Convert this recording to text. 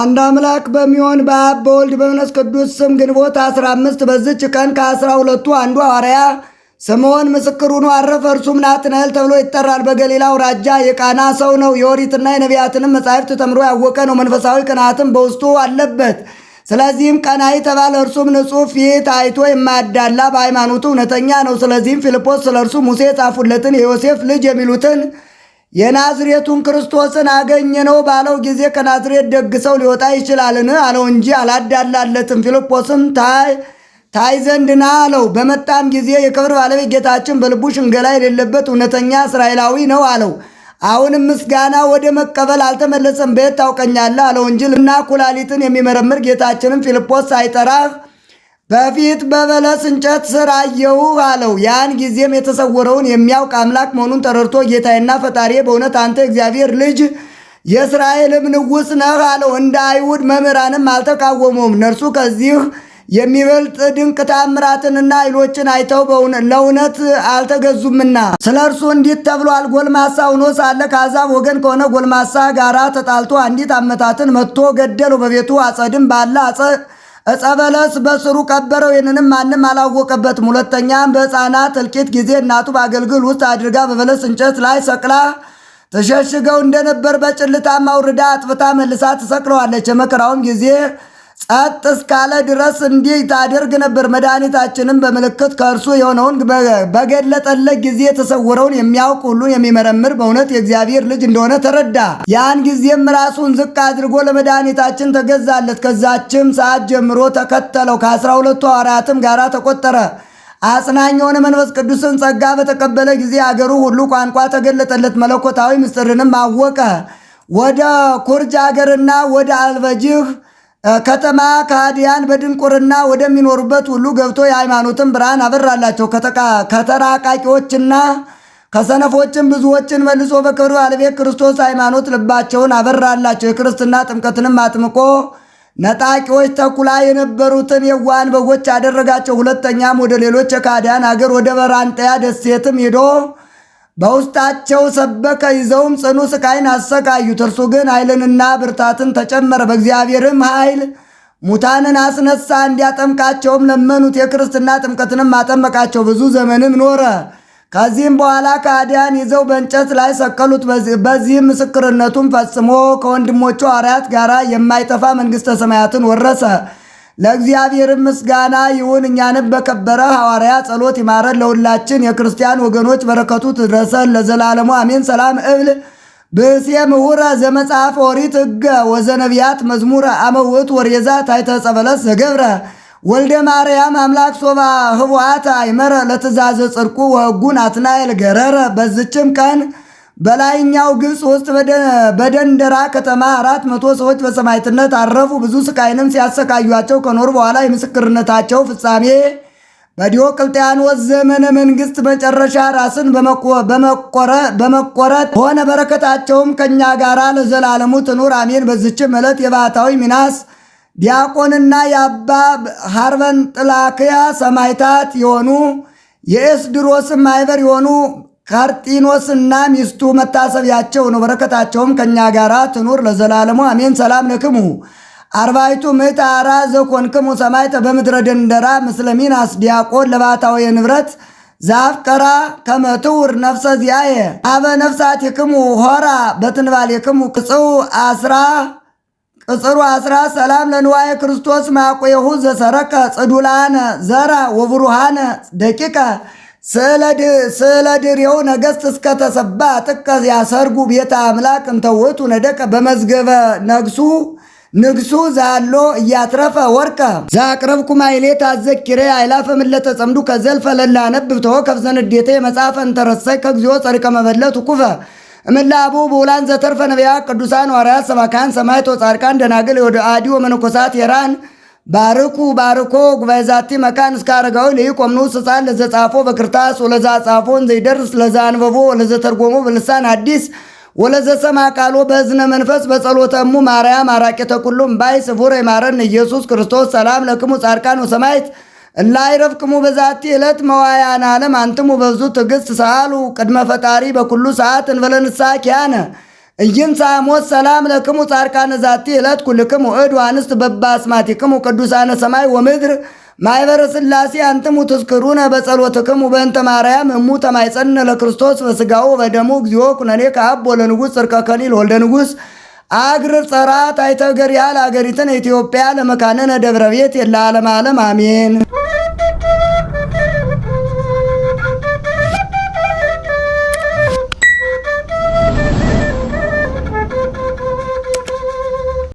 አንድ አምላክ በሚሆን በአብ በወልድ በመንፈስ ቅዱስ ስም ግንቦት 15 በዝች ቀን ከአስራ ሁለቱ አንዱ ሐዋርያ ስምዖን ምስክር ሆኖ አረፈ። እርሱም ናትናኤል ተብሎ ይጠራል። በገሊላ አውራጃ የቃና ሰው ነው። የኦሪትና የነቢያትንም መጻሕፍት ተምሮ ያወቀ ነው። መንፈሳዊ ቅናትም በውስጡ አለበት። ስለዚህም ቀናይ ተባለ። እርሱም ንጹሕ ፊት አይቶ የማያዳላ በሃይማኖቱ እውነተኛ ነው። ስለዚህም ፊልጶስ ስለ እርሱ ሙሴ የጻፉለትን የዮሴፍ ልጅ የሚሉትን የናዝሬቱን ክርስቶስን አገኘ ነው ባለው ጊዜ ከናዝሬት ደግሰው ሊወጣ ይችላልን? አለው እንጂ አላዳላለትም። ፊልጶስም ታይ ዘንድና አለው። በመጣም ጊዜ የክብር ባለቤት ጌታችን በልቡ ሽንገላ የሌለበት እውነተኛ እስራኤላዊ ነው አለው። አሁንም ምስጋና ወደ መቀበል አልተመለሰም። በየት ታውቀኛለህ? አለው እንጂ ልብና ኩላሊትን የሚመረምር ጌታችንም ፊልጶስ ሳይጠራህ በፊት በበለስ እንጨት ስር አየሁህ አለው። ያን ጊዜም የተሰወረውን የሚያውቅ አምላክ መሆኑን ተረድቶ ጌታዬና ፈጣሪ በእውነት አንተ እግዚአብሔር ልጅ የእስራኤልም ንጉሥ ነህ አለው። እንደ አይሁድ መምህራንም አልተቃወሙም። ነርሱ ከዚህ የሚበልጥ ድንቅ ታምራትንና ኃይሎችን አይተው ለእውነት አልተገዙምና ስለ እርሱ እንዲት ተብሏል። ጎልማሳ ሆኖ ሳለ ከአሕዛብ ወገን ከሆነ ጎልማሳ ጋራ ተጣልቶ አንዲት አመታትን መጥቶ ገደለው። በቤቱ አጸድም ባለ እጸ በለስ በስሩ ቀበረው። ይህንንም ማንም አላወቀበትም። ሁለተኛም በሕፃናት እልቂት ጊዜ እናቱ በአገልግል ውስጥ አድርጋ በበለስ እንጨት ላይ ሰቅላ ተሸሽገው እንደነበር በጭልታ ማውርዳ አጥፍታ መልሳ ትሰቅለዋለች። የመከራውም ጊዜ ጸጥ እስካለ ድረስ እንዲህ ታደርግ ነበር። መድኃኒታችንም በምልክት ከእርሱ የሆነውን በገለጠለት ጊዜ የተሰወረውን የሚያውቅ ሁሉን የሚመረምር በእውነት የእግዚአብሔር ልጅ እንደሆነ ተረዳ። ያን ጊዜም ራሱን ዝቅ አድርጎ ለመድኃኒታችን ተገዛለት። ከዛችም ሰዓት ጀምሮ ተከተለው፣ ከአስራ ሁለቱ ሐዋርያትም ጋር ተቆጠረ። አጽናኝ የሆነ መንፈስ ቅዱስን ጸጋ በተቀበለ ጊዜ አገሩ ሁሉ ቋንቋ ተገለጠለት። መለኮታዊ ምስጢርንም አወቀ። ወደ ኩርጅ አገርና ወደ አልበጅህ ከተማ ከሃዲያን በድንቁርና ወደሚኖሩበት ሁሉ ገብቶ የሃይማኖትን ብርሃን አበራላቸው። ከተራቃቂዎችና ከሰነፎችን ብዙዎችን መልሶ በክብር ባለቤት ክርስቶስ ሃይማኖት ልባቸውን አበራላቸው። የክርስትና ጥምቀትንም አጥምቆ ነጣቂዎች ተኩላ የነበሩትን የዋን በጎች አደረጋቸው። ሁለተኛም ወደ ሌሎች የካዲያን አገር ወደ በራንጠያ ደሴትም ሄዶ በውስጣቸው ሰበከ። ይዘውም ጽኑ ስቃይን አሰቃዩት። እርሱ ግን ኃይልንና ብርታትን ተጨመረ። በእግዚአብሔርም ኃይል ሙታንን አስነሳ፣ እንዲያጠምቃቸውም ለመኑት። የክርስትና ጥምቀትንም አጠመቃቸው። ብዙ ዘመንም ኖረ። ከዚህም በኋላ ከአዲያን ይዘው በእንጨት ላይ ሰቀሉት። በዚህም ምስክርነቱን ፈጽሞ ከወንድሞቹ አርያት ጋር የማይጠፋ መንግሥተ ሰማያትን ወረሰ። ለእግዚአብሔር ምስጋና ይሁን። እኛንም በከበረ ሐዋርያ ጸሎት ይማረን። ለሁላችን የክርስቲያን ወገኖች በረከቱ ትድረሰን ለዘላለሙ አሜን። ሰላም እብል ብእሴ ምሁረ ዘመጽሐፍ ኦሪት ሕገ ወዘነቢያት መዝሙረ አመውት ወርየዛ ታይተ ጸበለስ ዘገብረ ወልደ ማርያም አምላክ ሶባ ህቡአት አይመረ ለትእዛዘ ጽድቁ ወህጉን አትናኤል ገረረ በዝችም ቀን በላይኛው ግብፅ ውስጥ በደንደራ ከተማ አራት መቶ ሰዎች በሰማዕትነት አረፉ። ብዙ ስቃይንም ሲያሰቃዩቸው ከኖሩ በኋላ የምስክርነታቸው ፍጻሜ በዲዮቅልጥያኖስ ዘመነ መንግስት መጨረሻ ራስን በመቆረጥ ሆነ። በረከታቸውም ከእኛ ጋር ለዘላለሙ ትኑር አሜን። በዝችም ዕለት የባህታዊ ሚናስ ዲያቆንና የአባ ሐርበን ጥላክያ ሰማይታት የሆኑ የኤስድሮስም ማይበር የሆኑ ካርጢኖስና ሚስቱ መታሰቢያቸው ነው። በረከታቸውም ከእኛ ጋር ትኑር ለዘላለሙ አሜን። ሰላም ለክሙ አርባይቱ ምዕት አራ ዘኮንክሙ ሰማይተ በምድረ ደንደራ ምስለ ሚናስ ዲያቆን ለባሕታዊ ንብረት ዛፍ ቀራ ከመትውር ነፍሰ ዚያየ አበ የክሙ ሆራ የክሙ ቅጽው አስራ ቅጽሩ አስራ ሰላም ለንዋየ ክርስቶስ ማቆየሁ ዘሰረቀ ጽዱላነ ዘራ ወብሩሃነ ደቂቀ ስለ ድሬው ነገሥት እስከ ተሰባ ጥቀ ያሰርጉ ቤተ አምላክ እንተውቱ ነደቀ በመዝገበ ነግሱ ንግሱ ዛሎ እያትረፈ ወርቀ ዛቅረብኩ ማይሌት ታዘኪሬ አይላፈ ምለተ ጸምዱ ከዘልፈ ለላነብብ ተወከፍ ከብዘንዴቴ መጽሐፈ እንተረሳይ ከግዚኦ ጸሪቀ መበለቱ ኩፈ እምላ አቡ በውላን ዘተርፈ ነቢያ ቅዱሳን ዋርያ ሰባካን ሰማይቶ ጻድቃን ደናግል ወደ አዲ ወመነኮሳት የራን ባርኩ ባርኮ ጉባኤዛቲ መካን እስካረጋዊ ቆምኖ ስፃን ለዘጻፎ በክርታስ ወለዛ ጻፎን ዘይደርስ ለዘ አንበቦ ወለዘ ተርጎሞ በልሳን አዲስ ወለዘ ሰማ ቃሎ በእዝነ መንፈስ እሙ ማርያም አራቂ ተኩሉም ባይ ስቡር የማረን ኢየሱስ ክርስቶስ ሰላም ለክሙ ጻድቃን ወሰማይት እላይረፍክሙ በዛቲ ዕለት መዋያን ዓለም አንትሙ በብዙ ትዕግሥት ሰአሉ ቅድመ ፈጣሪ በኩሉ ሰዓት እንበለንሳ ኪያነ ኢይምጻእሞት ሰላም ለክሙ ጻድቃነ ዛቲ ዕለት ኩልክሙ እድ አንስት ክሙ ቅዱሳነ ሰማይ ወምድር ማይበረ ሥላሴ አንትሙ ትዝክሩነ በጸሎትክሙ በእንተ ማርያም እሙ ተማይጸነ ለክርስቶስ በስጋው በደሙ እግዚኦ ኩነኔ ከአብ ወለንጉሥ ጽርቀ ከሊል ወልደ ንጉሥ አግር ጸራት አይተገር ያህል አገሪትን ኢትዮጵያ ለመካነነ ደብረ ቤት የለ ዓለም ዓለም አሜን።